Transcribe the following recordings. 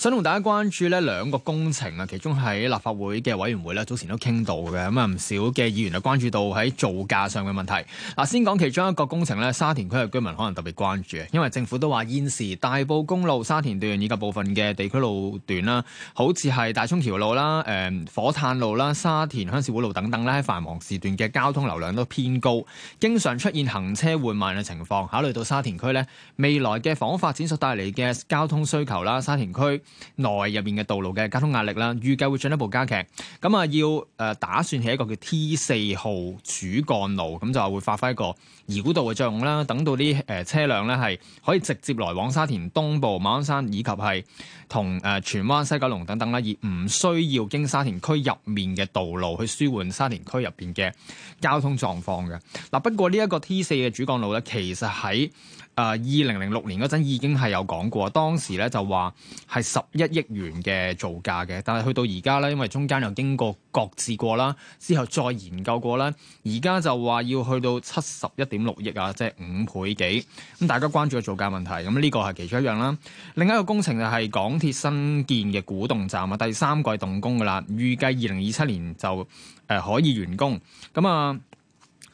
想同大家關注呢兩個工程啊，其中喺立法會嘅委員會咧早前都傾到嘅，咁啊唔少嘅議員就關注到喺造價上嘅問題。嗱，先講其中一個工程咧，沙田區嘅居民可能特別關注，因為政府都話現時大埔公路沙田段以及部分嘅地區路段啦，好似係大涌橋路啦、火炭路啦、沙田鄉事會路等等咧，繁忙時段嘅交通流量都偏高，經常出現行車緩慢嘅情況。考慮到沙田區咧未來嘅房屋發展所帶嚟嘅交通需求啦，沙田區，內入面嘅道路嘅交通壓力啦，預計會進一步加劇。咁啊，要誒打算起一個叫 T 四號主幹路，咁就會發揮一個繞道嘅作用啦。等到啲誒車輛咧係可以直接來往沙田東部、馬鞍山以及係同誒荃灣西九龍等等啦，而唔需要經沙田區入面嘅道路去舒緩沙田區入邊嘅交通狀況嘅。嗱，不過呢一個 T 四嘅主幹路呢，其實喺啊！二零零六年嗰陣已經係有講過，當時咧就話係十一億元嘅造價嘅，但係去到而家咧，因為中間又經過擱置過啦，之後再研究過啦，而家就話要去到七十一點六億啊，即係五倍幾。咁大家關注個造價問題，咁呢個係其中一樣啦。另一個工程就係港鐵新建嘅古洞站啊，第三季動工噶啦，預計二零二七年就誒可以完工。咁啊～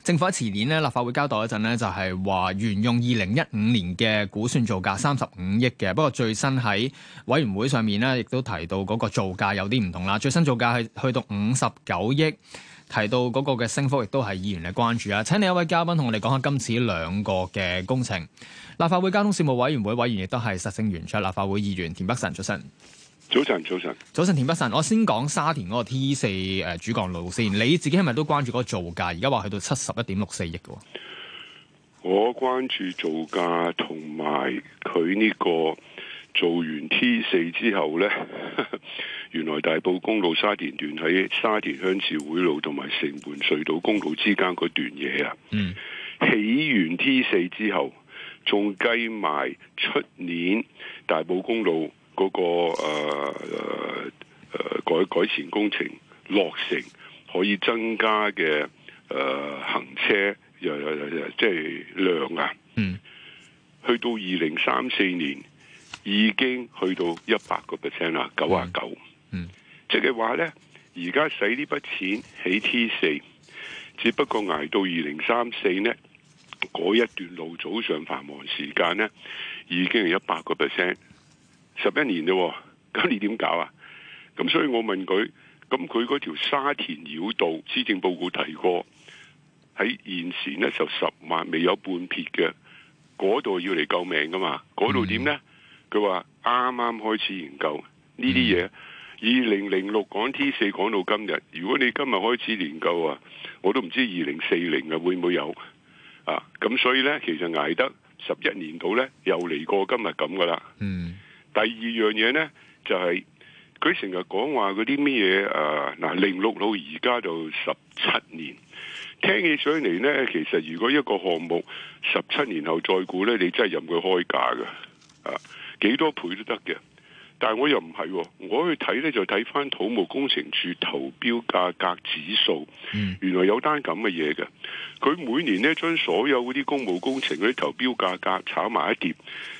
政府喺前年咧，立法會交代一陣咧，就係話沿用二零一五年嘅估算造價三十五億嘅。不過最新喺委員會上面咧，亦都提到嗰個造價有啲唔同啦。最新造價係去到五十九億，提到嗰個嘅升幅，亦都係議員嘅關注啊。請你一位嘉賓同我哋講下今次兩個嘅工程，立法會交通事務委員會委員亦都係實政圓桌立法會議員田北辰出身。早晨，早晨，早晨，田北辰，我先講沙田嗰個 T 四誒、呃、主幹路線，你自己係咪都關注嗰個造價？而家話去到七十一點六四億嘅。我關注造價同埋佢呢個做完 T 四之後咧，原來大埔公路沙田段喺沙田鄉事會路同埋城門隧道公路之間嗰段嘢啊。嗯，起完 T 四之後，仲計埋出年大埔公路。嗰、那個誒誒、呃呃、改改善工程落成，可以增加嘅誒、呃、行車又即係量啊！嗯，去到二零三四年已經去到一百個 percent 啦，九啊九。嗯，即係話咧，而家使呢筆錢起 T 四，只不過捱到二零三四呢，嗰一段路早上繁忙時間呢，已經係一百個 percent。十一年啫，咁你點搞啊？咁所以我問佢，咁佢嗰條沙田繞道施政報告提過，喺現時呢就十萬未有半撇嘅，嗰度要嚟救命噶嘛？嗰度點呢？佢話啱啱開始研究呢啲嘢，二零零六講 T 四講到今日，如果你今日開始研究啊，我都唔知二零四零啊會唔會有啊？咁所以呢，其實捱得十一年到呢，又嚟過今日咁噶啦。嗯。第二樣嘢呢，就係佢成日講話嗰啲咩嘢誒，嗱零六到而家就十七年，聽起上嚟呢，其實如果一個項目十七年後再估呢，你真係任佢開價㗎，幾多倍都得嘅。但係我又唔係、啊，我去睇咧就睇翻土木工程處投標價格指數，嗯、原來有單咁嘅嘢嘅。佢每年咧將所有嗰啲公務工程嗰啲投標價格炒埋一碟，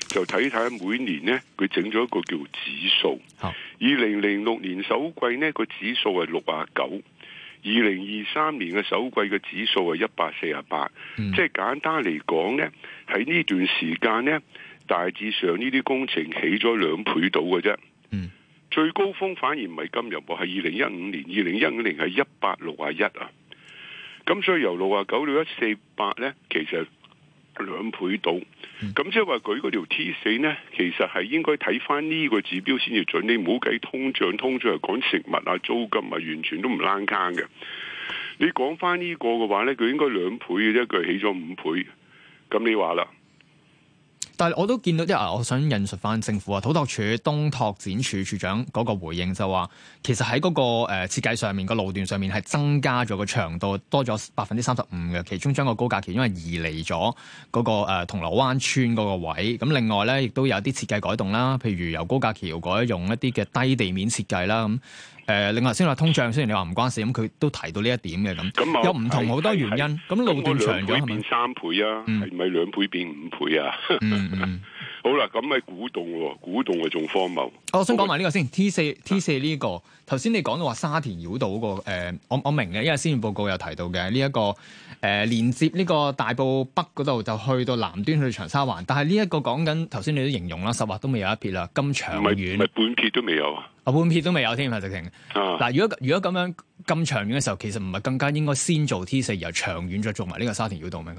就睇睇每年呢。佢整咗一個叫指數。二零零六年首季呢個指數係六啊九，二零二三年嘅首季嘅指數係一百四啊八。即係簡單嚟講呢，喺呢段時間呢。大致上呢啲工程起咗兩倍到嘅啫，嗯，最高峰反而唔係今日喎，係二零一五年，二零一五年係一百六啊一啊，咁所以由六啊九到一四八咧，其實兩倍到，咁即係話佢嗰條 T 四呢，其實係、嗯、應該睇翻呢個指標先至準，你唔好計通脹，通脹係講食物啊、租金啊，完全都唔拉坑嘅。你講翻呢個嘅話呢，佢應該兩倍嘅啫，佢起咗五倍，咁你話啦？但係我都見到啲人、啊，我想引述翻政府啊土拓署東拓展處處,處長嗰個回應就，就話其實喺嗰個誒設計上面、個路段上面係增加咗個長度，多咗百分之三十五嘅。其中將個高架橋因為移離咗嗰、嗰個誒、呃、銅鑼灣村嗰個位。咁另外咧亦都有啲設計改動啦，譬如由高架橋改用一啲嘅低地面設計啦咁。誒、呃，另外先話通脹，雖然你話唔關事，咁佢都提到呢一點嘅咁，我有唔同好多原因。咁路段長咗係咪，兩倍變三倍啊，係咪、嗯、兩倍變五倍啊？ 嗯嗯、好啦，咁咪古洞喎、啊，古洞係仲荒謬。我想講埋呢個先。我 T 四 T 四呢、呢個頭先、啊、你講到話沙田繞道個誒，我我明嘅，因為先月報告有提到嘅呢一個誒、呃，連接呢個大埔北嗰度就去到南端去長沙灣，但係呢一個講緊頭先你都形容啦，十劃都未有一撇啦，咁長遠唔係半撇都未有啊！啊、半片都未有添啊！直情嗱，如果如果咁樣，咁長遠嘅時候，其實唔係更加應該先做 T 四，然後長遠再做埋呢個沙田繞道咩？咁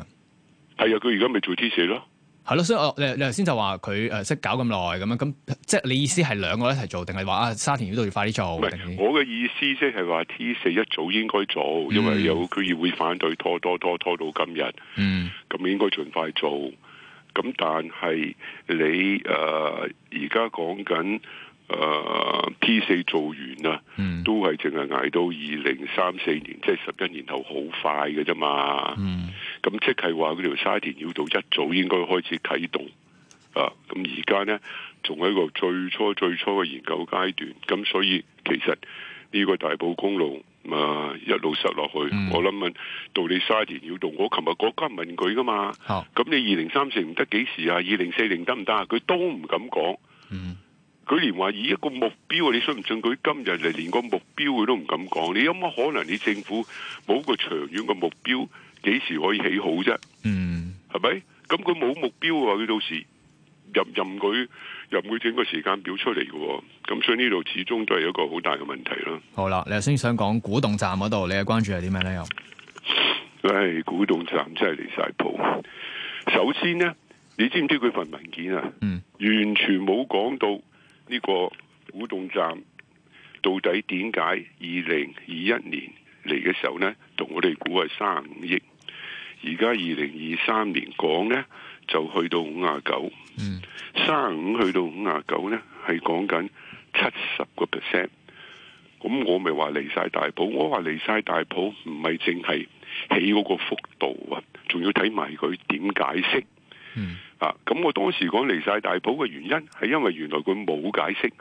係啊，佢而家咪做 T 四咯，係咯，所以我你你頭先就話佢誒識搞咁耐咁樣，咁即係你意思係兩個一齊做，定係話啊沙田繞道要快啲做？是是我嘅意思即係話 T 四一早應該做，因為有區議會反對拖，拖拖拖拖到今日，嗯，咁應該盡快做。咁但係你誒而家講緊。呃誒、uh,，P 四做完啦，嗯、都係淨係挨到二零三四年，即係十一年後，好快嘅啫嘛。咁即係話嗰條沙田繞道一早應該開始啟動啊。咁而家呢，仲喺個最初最初嘅研究階段，咁所以其實呢個大埔公路啊一路塞落去，嗯、我諗問到你，沙田繞道我琴日嗰間問佢噶嘛。咁好你二零三四唔得幾時啊？二零四零得唔得啊？佢都唔敢講。嗯佢連話以一個目標，你信唔信？佢今日嚟連個目標佢都唔敢講，你有乜可能？你政府冇個長遠嘅目標，幾時可以起好啫？嗯，係咪？咁佢冇目標啊！佢到時任任佢任佢整個時間表出嚟嘅、哦，咁所以呢度始終都係一個好大嘅問題咯。好啦，你頭先想講古洞站嗰度，你嘅關注係點樣咧？又，唉，古洞站真係離晒譜。首先咧，你知唔知佢份文件啊？嗯，完全冇講到。呢個古洞站到底點解二零二一年嚟嘅時候呢，同我哋估係三五億，而家二零二三年講呢，就去到五廿九，三五去到五廿九呢，係講緊七十個 percent。咁我咪話離晒大譜，我話離晒大譜唔係淨係起嗰個幅度啊，仲要睇埋佢點解釋。嗯啊！咁我當時講離晒大譜嘅原因係因為原來佢冇解釋，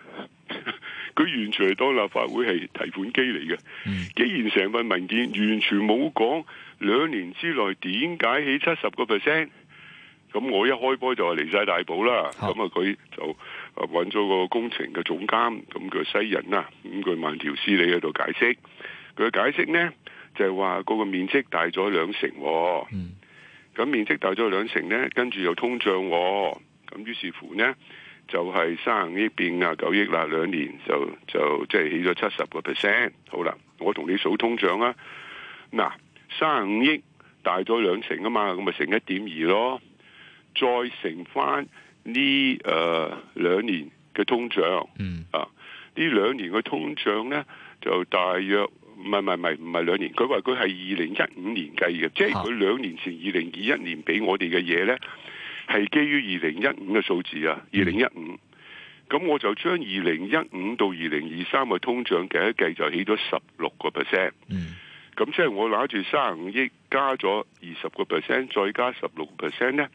佢 完全係當立法會係提款機嚟嘅。嗯、既然成份文件完全冇講兩年之內點解起七十個 percent，咁我一開波就係離晒大譜啦。咁啊佢就搵咗個工程嘅總監，咁佢西人啦，咁佢慢條斯理喺度解釋。佢解釋呢，就係話嗰個面積大咗兩成、哦。嗯咁面積大咗兩成咧，跟住又通脹、哦，咁、嗯、於是乎咧就係三五億變廿九億啦，兩年就就即係起咗七十個 percent。好啦，我同你數通脹啊，嗱，三五億大咗兩成啊嘛，咁咪乘一點二咯，再乘翻呢誒兩年嘅通脹，嗯、啊，兩呢兩年嘅通脹咧就大約。唔係，唔係，唔係兩年，佢話佢係二零一五年計嘅，即係佢兩年前二零二一年俾我哋嘅嘢呢，係基於二零一五嘅數字啊。二零一五，咁、嗯、我就將二零一五到二零二三嘅通脹計一計，就起咗十六個 percent。嗯。咁即係我攞住三十五億加咗二十個 percent，再加十六 percent 呢，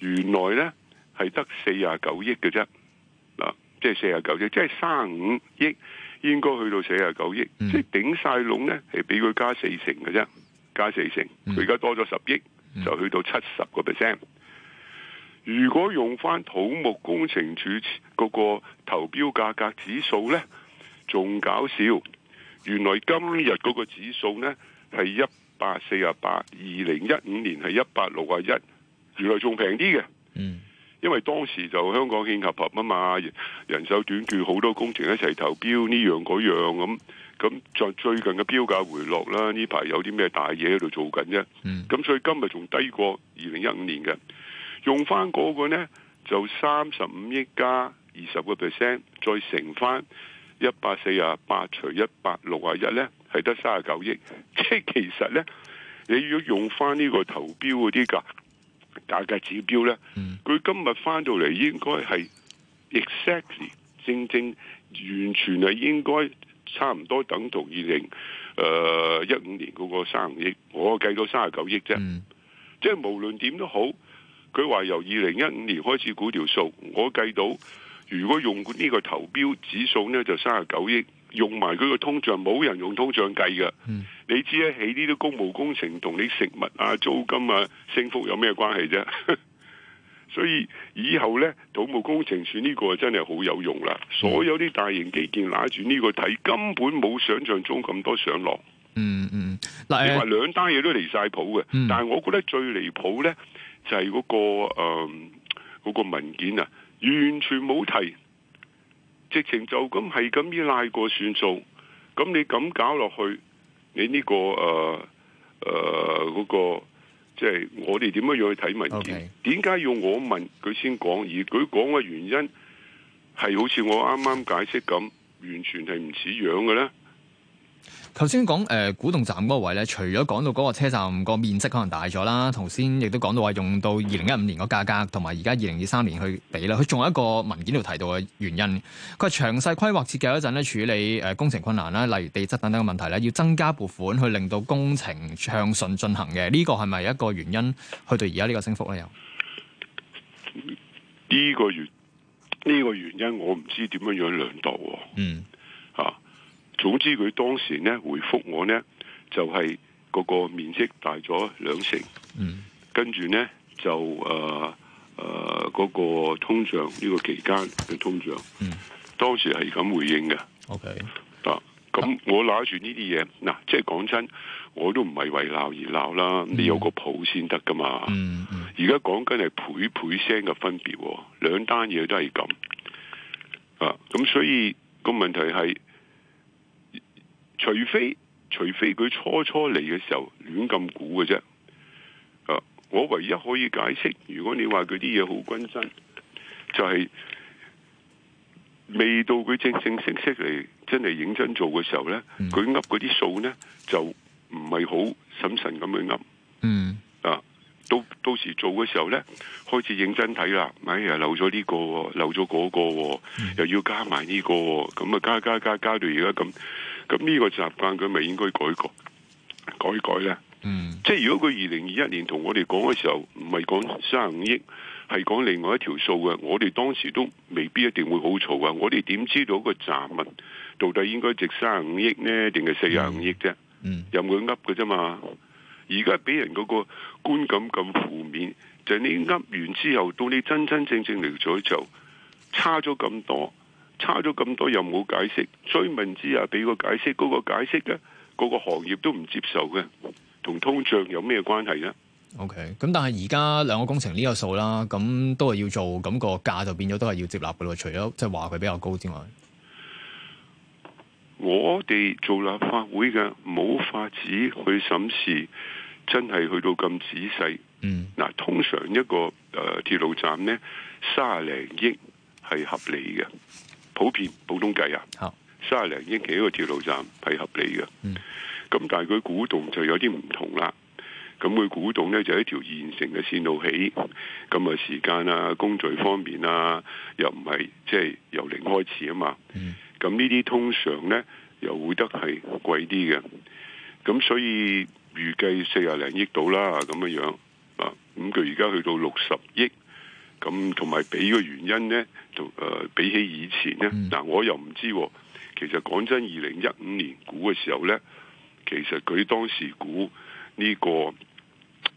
原來呢係得四十九億嘅啫。嗱，即係四十九億，即係三十五億。就是應該去到四啊九億，嗯、即係頂晒籠呢，係俾佢加四成嘅啫，加四成，佢而家多咗十億，就去到七十個 percent。如果用翻土木工程處嗰個投標價格指數呢，仲搞笑，原來今日嗰個指數呢，係一百四十八，二零一五年係一百六十一，原來仲平啲嘅。嗯。因為當時就香港建合合啊嘛，人手短缺，好多工程一齊投標呢樣嗰樣咁，咁在最近嘅標價回落啦，什麼呢排有啲咩大嘢喺度做緊啫？咁、嗯、所以今日仲低過二零一五年嘅，用翻嗰個呢，就三十五億加二十個 percent，再乘翻一百四啊八除一百六啊一呢，係得三十九億，即其實呢，你要用翻呢個投標嗰啲價。價格指標呢，佢、嗯、今日翻到嚟應該係 exactly 正正完全係應該差唔多等同二零誒一五年嗰個三十億，我計到三十九億啫。嗯、即係無論點都好，佢話由二零一五年開始估條數，我計到如果用呢個投標指數呢，就三十九億，用埋佢個通脹，冇人用通脹計㗎。嗯你知一起呢啲公務工程同你食物啊、租金啊升幅有咩關係啫？ 所以以後咧，土木工程算呢個真係好有用啦。嗯、所有啲大型基建拿住呢個睇，根本冇想象中咁多上落。嗯嗯，你話兩單嘢都離晒譜嘅，但係我、嗯、我覺得最離譜咧就係嗰、嗰個誒嗰、呃嗰個文件啊，完全冇提，直情就咁係咁依拉過算數，咁你咁搞落去。你呢個誒誒嗰個，即係我哋點樣要去睇文件？點解要我問佢先講？而佢講嘅原因係好似我啱啱解釋咁，完全係唔似樣嘅咧。頭先講誒，古洞站嗰個位咧，除咗講到嗰個車站個面積可能大咗啦，頭先亦都講到話用到二零一五年個價格，同埋而家二零二三年去比啦。佢仲有一個文件度提到嘅原因，佢係詳細規劃設計嗰陣咧，處理誒工程困難啦，例如地質等等嘅問題咧，要增加撥款去令到工程暢順進行嘅。呢個係咪一個原因去到而家呢個升幅咧？又呢個原呢、這個原因，我唔知點樣樣量度。嗯。總之佢當時咧回覆我咧就係嗰個面積大咗兩成，嗯、跟住咧就誒誒嗰個通脹呢、呢個期間嘅通脹，嗯、當時係咁回應嘅。O K，得咁我拿住呢啲嘢，嗱、啊、即係講真，我都唔係為鬧而鬧啦，你有個譜先得噶嘛。而家講緊係倍倍聲嘅分別，兩單嘢都係咁。啊，咁所以個問題係。除非除非佢初初嚟嘅時候亂咁估嘅啫，啊！我唯一可以解釋，如果你話佢啲嘢好均真，就係未到佢正正式式嚟真係認真做嘅時候咧，佢噏嗰啲數呢就唔係好審慎咁去噏。嗯。Mm. 啊！到到時做嘅時候咧，開始認真睇啦，咪、哎、呀，漏咗呢個、哦，漏咗嗰個、哦，又要加埋呢個、哦，咁啊，加加加加到而家咁。咁呢個習慣佢咪應該改過，改改咧。嗯、即係如果佢二零二一年同我哋講嘅時候，唔係講三十五億，係講另外一條數嘅。我哋當時都未必一定會好嘈啊！我哋點知道個雜物到底應該值三十五億呢？定係四十五億啫？嗯嗯、任佢噏嘅啫嘛。而家俾人嗰個觀感咁負面，就係、你噏完之後，到你真真正正嚟，咗就差咗咁多。差咗咁多又冇解釋，追問之下，俾個解釋。嗰個解釋咧，嗰個行業都唔接受嘅，同通脹有咩關係啊？OK，咁但係而家兩個工程呢個數啦，咁都係要做，咁個價就變咗都係要接納嘅咯，除咗即係話佢比較高之外，我哋做立法會嘅冇法子去審視，真係去到咁仔細。嗯，嗱，通常一個誒鐵路站咧，卅零億係合理嘅。普遍普通計啊，卅零億幾個鐵路站係合理嘅。咁、嗯、但係佢古洞就有啲唔同啦。咁佢古洞咧就一條現成嘅線路起，咁啊時間啊工序方面啊，又唔係即係由零開始啊嘛。咁呢啲通常咧又會得係貴啲嘅。咁所以預計四廿零億到啦咁嘅樣啊。咁佢而家去到六十億。咁同埋俾嘅原因咧，就、呃、誒比起以前咧，嗱、mm. 啊、我又唔知、啊。其實講真，二零一五年估嘅時候咧，其實佢當時估、這個呃、呢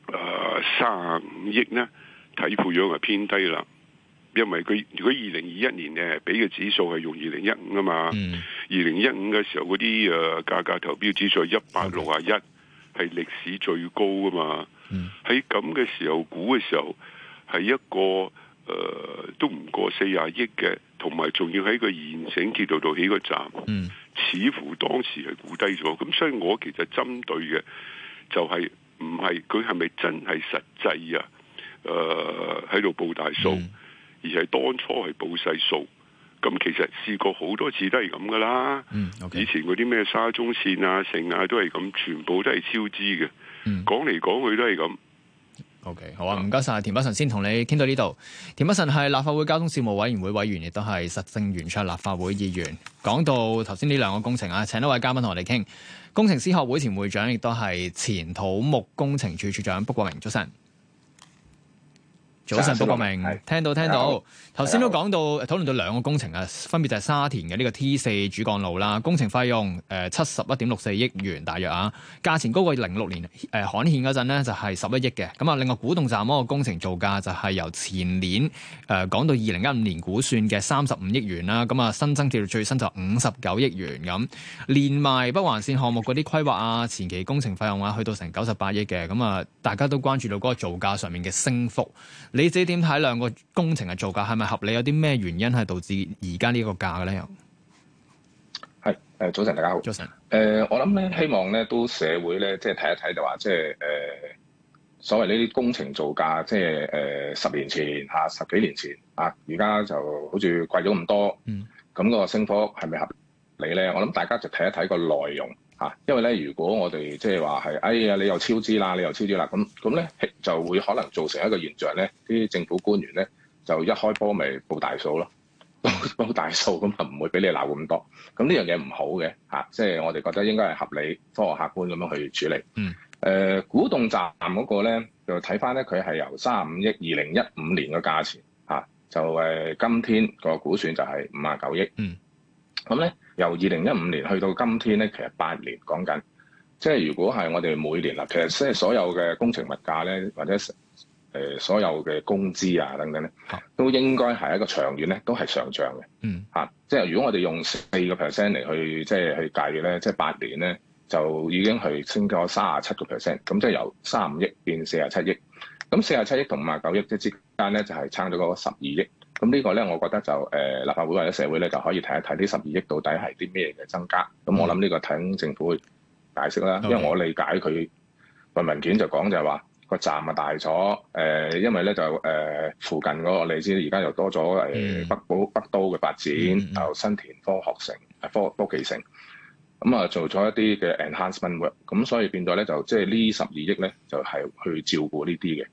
個誒三十五億咧，睇配樣係偏低啦。因為佢如果二零二一年咧，俾嘅指數係用二零一五啊嘛，二零一五嘅時候嗰啲誒價格投標指數係一百六十一係歷史最高啊嘛，喺咁嘅時候估嘅時候。估係一個誒、呃，都唔過四十億嘅，同埋仲要喺個現成鐵路度起個站，嗯、似乎當時係估低咗。咁所以我其實針對嘅就係唔係佢係咪真係實際啊？誒、呃，喺度報大數，嗯、而係當初係報細數。咁其實試過好多次都係咁噶啦。嗯 okay. 以前嗰啲咩沙中線啊、城啊都係咁，全部都係超支嘅。嗯、講嚟講去都係咁。O、okay, K，好啊，唔該晒，田北辰先同你傾到呢度。田北辰係立法會交通事務委員會委員，亦都係實政圓桌立法會議員。講到頭先呢兩個工程啊，請一位嘉賓同我哋傾。工程師學會前會長，亦都係前土木工程處處長卜國明出，早晨。早晨，卜國明，聽到聽到，頭先都講到討論到兩個工程啊，分別就係沙田嘅呢、這個 T 四主幹路啦，工程費用誒七十一點六四億元，大約啊，價錢高過零六年誒刊憲嗰陣呢，就係十一億嘅，咁啊，另外古洞站嗰個工程造價就係由前年誒講、呃、到二零一五年估算嘅三十五億元啦，咁啊新增至到最新就五十九億元咁、啊，連埋北環綫項目嗰啲規劃啊、前期工程費用啊，去到成九十八億嘅，咁啊，大家都關注到嗰個造價上面嘅升幅。你自己點睇兩個工程嘅造價係咪合理？有啲咩原因係導致而家呢個價嘅咧？又係誒，早晨大家好，早晨安誒、呃，我諗咧，希望咧都社會咧，即係睇一睇就話，即係誒、呃、所謂呢啲工程造價，即係誒、呃、十年前啊，十幾年前啊，而家就好似貴咗咁多，咁、嗯、個升幅係咪合理咧？我諗大家就睇一睇個內容。因為咧，如果我哋即係話係，哎呀，你又超支啦，你又超支啦，咁咁咧就會可能造成一個現象咧，啲政府官員咧就一開波咪報大數咯，報大數咁就唔會俾你鬧咁多，咁呢樣嘢唔好嘅嚇，即係我哋覺得應該係合理、科學、客觀咁樣去處理。嗯。誒、呃，股東站嗰個咧就睇翻咧，佢係由三十五億二零一五年嘅價錢、啊、就誒、呃、今天個估算就係五啊九億。嗯。咁咧，由二零一五年去到今天咧，其實八年講緊，即係如果係我哋每年啦，其實即係所有嘅工程物價咧，或者誒所有嘅工資啊等等咧，都應該係一個長遠咧都係上漲嘅。嗯，嚇，即係如果我哋用四個 percent 嚟去即係去計咧，即係八年咧，就已經係升咗三啊七個 percent，咁即係由三五億變四啊七億，咁四啊七億同五啊九億即之間咧就係差咗嗰十二億。咁呢個咧，我覺得就誒、呃、立法會或者社會咧，就可以睇一睇呢十二億到底係啲咩嘅增加。咁、嗯、我諗呢個睇政府會解釋啦，因為我理解佢運、嗯、文件就講就係話、嗯、個站啊大咗，誒、呃、因為咧就誒、呃、附近嗰個你知，而家又多咗北寶北都嘅發展，又、嗯、新田科學城、科科技城，咁、嗯、啊做咗一啲嘅 enhancement work，咁所以變到咧就即係呢十二億咧就係、是、去照顧呢啲嘅。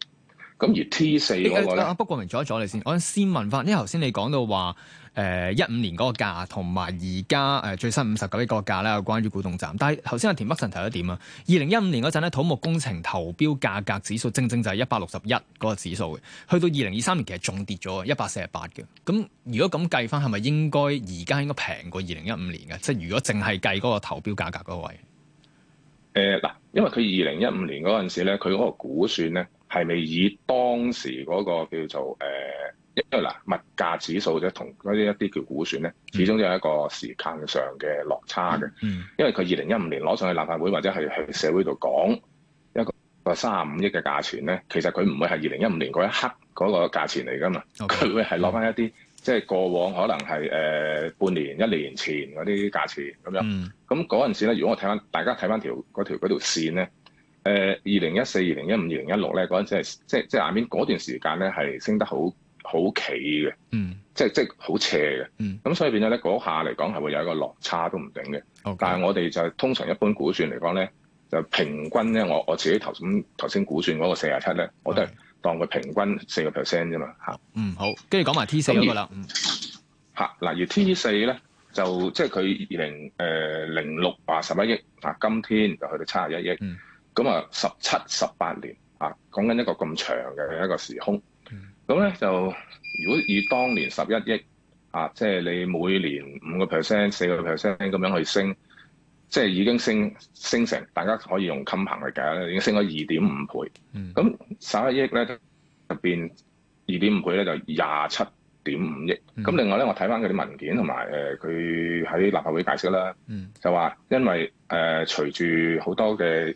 咁而 T4、欸欸、不過明左咗你先，我先問翻，因為頭先你講到話誒一五年嗰個價，同埋而家誒最新五十九億嗰個價咧，關於古洞站。但係頭先阿田北辰提咗點啊？二零一五年嗰陣咧，土木工程投標價格指數正正就係一百六十一嗰個指數嘅，去到二零二三年其實仲跌咗一百四十八嘅。咁如果咁計翻，係咪應該而家應該平過二零一五年嘅？即係如果淨係計嗰個投標價格嗰位。誒嗱、欸，因為佢二零一五年嗰陣時咧，佢嗰個估算咧。係咪以當時嗰個叫做誒，因為嗱物價指數啫，同啲一啲叫估算咧，始終都有一個時間上嘅落差嘅。嗯嗯、因為佢二零一五年攞上去立法會或者係去社會度講一個個三十五億嘅價錢咧，其實佢唔會係二零一五年嗰一刻嗰個價錢嚟㗎嘛。佢 Okay, 會係攞翻一啲、嗯、即係過往可能係誒、呃、半年一年前嗰啲價錢咁樣。咁嗰陣時咧，如果我睇翻大家睇翻條嗰條嗰條線咧。誒二零一四、二零一五、二零一六咧，嗰陣時係即係即係下面嗰段時間咧，係升得好好企嘅，嗯，即係即係好斜嘅，嗯，咁所以變咗咧嗰下嚟講係會有一個落差都唔定嘅。Okay. 但係我哋就係、是、通常一般估算嚟講咧，就平均咧，我我自己頭先頭先估算嗰個四廿七咧，是我都係當佢平均四個 percent 啫嘛嚇。嗯，好，跟住講埋 T 四嗰個啦。嚇嗱而、嗯啊，而 T 四咧就即係佢二零誒零六八十一億啊，今天就去到七十一億。嗯。咁啊，十七十八年啊，講緊一個咁長嘅一個時空。咁咧就如果以當年十一億啊，即係你每年五個 percent、四個 percent 咁樣去升，即係已經升升成，大家可以用襟鵬嚟計咧，已經升咗二點五倍。咁十一億咧入邊二點五倍咧就廿七。點五億，咁、嗯、另外咧，我睇翻佢啲文件同埋誒佢喺立法會解釋啦，嗯、就話因為誒、呃、隨住好多嘅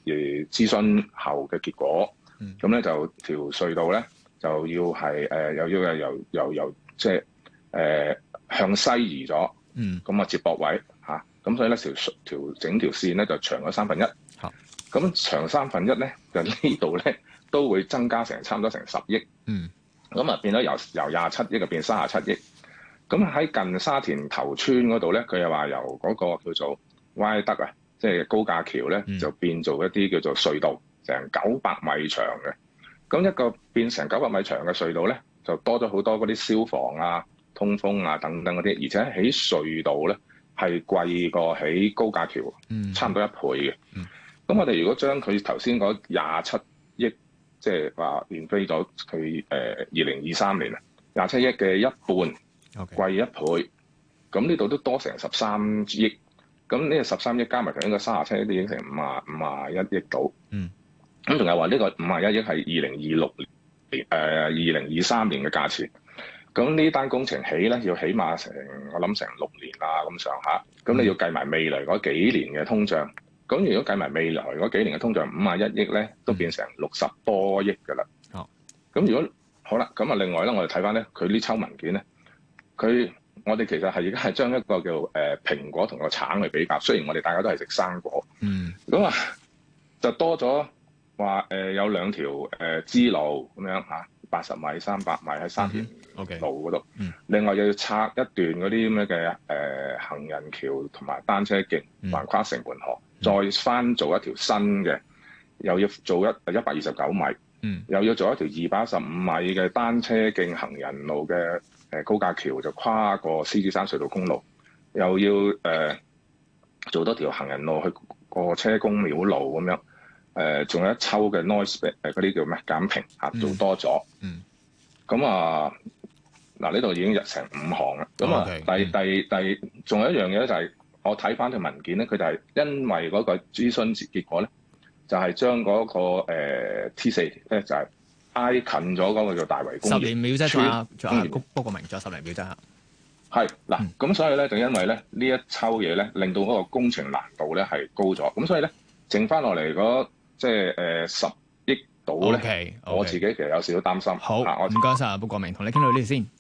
諮詢後嘅結果，咁咧、嗯、就條隧道咧就要係誒又要又又又即係誒、呃、向西移咗，咁、嗯、啊接駁位嚇，咁所以咧條條整條線咧就長咗三分一，咁、啊、長三分一咧就這裡呢度咧都會增加成差唔多成十億。嗯咁啊，變咗由由廿七億變三十七億。咁喺近沙田頭村嗰度咧，佢又話由嗰個叫做 Y 德啊，即係高架橋咧，就變做一啲叫做隧道，成九百米長嘅。咁一個變成九百米長嘅隧道咧，就多咗好多嗰啲消防啊、通風啊等等嗰啲，而且喺隧道咧係貴過喺高架橋，差唔多一倍嘅。咁我哋如果將佢頭先嗰廿七億。即係話遠飛咗佢誒二零二三年啊，廿七億嘅一半，Okay. 貴一倍，咁呢度都多成十三億，咁呢個十三億加埋就應該卅七億已經成五十五十一億到。嗯，咁仲有話呢個五十一億係二零二六年誒二零二三年嘅價錢，咁呢單工程起咧要起碼成我諗成六年啦咁上下，咁你要計埋未來嗰幾年嘅通脹。嗯嗯。咁如果計埋未來嗰幾年嘅通脹五十一億咧，都變成六十多億㗎啦。哦、嗯，咁如果好啦，咁啊另外咧，我哋睇翻咧，佢呢抽文件咧，佢我哋其實係而家係將一個叫誒蘋、呃、果同個橙去比較。雖然我哋大家都係食生果，嗯，咁啊就多咗話、呃、有兩條誒支路咁樣、啊八十米、三百米喺沙田路嗰度，mm hmm. okay. mm hmm. 另外又要拆一段嗰啲咁嘅誒行人橋同埋單車徑，橫、mm hmm. 跨城門河，mm hmm. 再翻做一條新嘅，又要做一一百二十九米，嗯、mm，hmm. 又要做一條二百一十五米嘅單車徑行人路嘅誒、呃、高架橋就跨過獅子山隧道公路，又要誒、呃、做多條行人路去過車公廟路咁樣。誒仲、呃、有一抽嘅 noise，誒嗰啲叫咩減平，啊，做多咗。咁啊嗱，呢度已經入成五行啦。咁啊，第第第仲有一樣嘢咧、就是，就係我睇翻條文件咧，佢就係因為嗰個諮詢結果咧，就係、是、將嗰、那個、呃、T4 咧就係、是、挨近咗嗰個叫大圍工業十年秒真係，再阿十年秒真係。係嗱、嗯，咁、啊、所以咧就因為咧呢一抽嘢咧，令到嗰個工程難度咧係高咗。咁所以咧剩翻落嚟嗰。即係誒、呃、十億到咧，okay, okay。我自己其實有少少擔心。好，唔該曬，卜國明，同謝、啊、你傾到呢度先。